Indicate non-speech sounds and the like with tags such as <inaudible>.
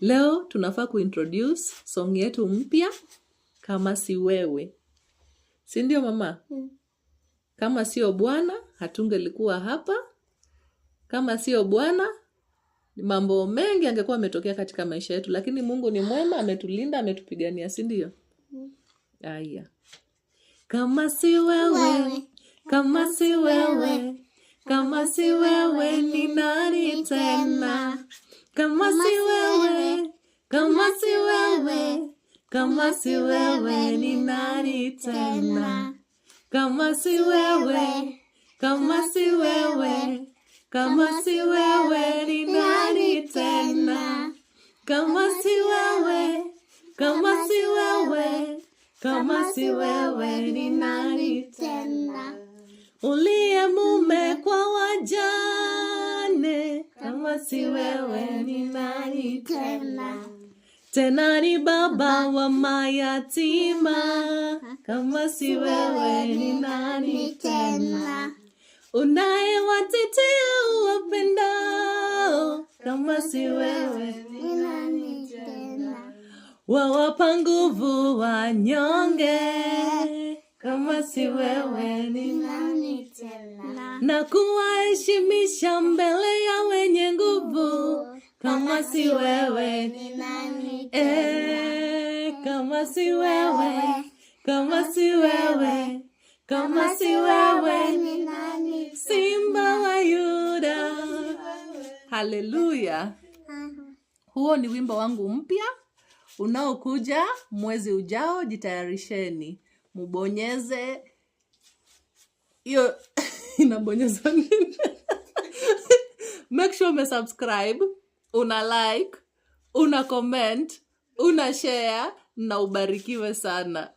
Leo tunafaa kuintroduce song yetu mpya kama si wewe, si ndio mama? Hmm. Kama sio Bwana hatungelikuwa hapa. Kama sio Bwana mambo mengi angekuwa ametokea katika maisha yetu, lakini Mungu ni mwema, ametulinda, ametupigania, si ndio? Hmm. Aya, kama si wewe, kama si wewe, kama si wewe Kama si wewe, kama si wewe ni nani tena? Kama si wewe, kama si wewe, kama si wewe ni nani tena? Kama si wewe, kama si wewe, kama si wewe ni nani tena? Uliye mume kwa wajane, kama si wewe ni nani tena? Tena ni baba wa mayatima, kama si wewe ni nani tena? unaye watetea uwapendao, kama si wewe ni nani tena? Wawapa nguvu wanyonge, kama si wewe ni nani tena? Na kuwaheshimisha mbele ya wenye nguvu kama si wewe ni nani? tena eh, kama si wewe, kama si wewe, kama si wewe ni nani? Simba wa Yuda. Haleluya. Huo ni wimbo wangu mpya unaokuja mwezi ujao. Jitayarisheni, mubonyeze hiyo <laughs> inabonyeza nini? <laughs> Make sure umesubscribe una like, una comment, una share na ubarikiwe sana.